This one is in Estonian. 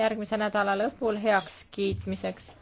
järgmise nädala lõpul heakskiitmiseks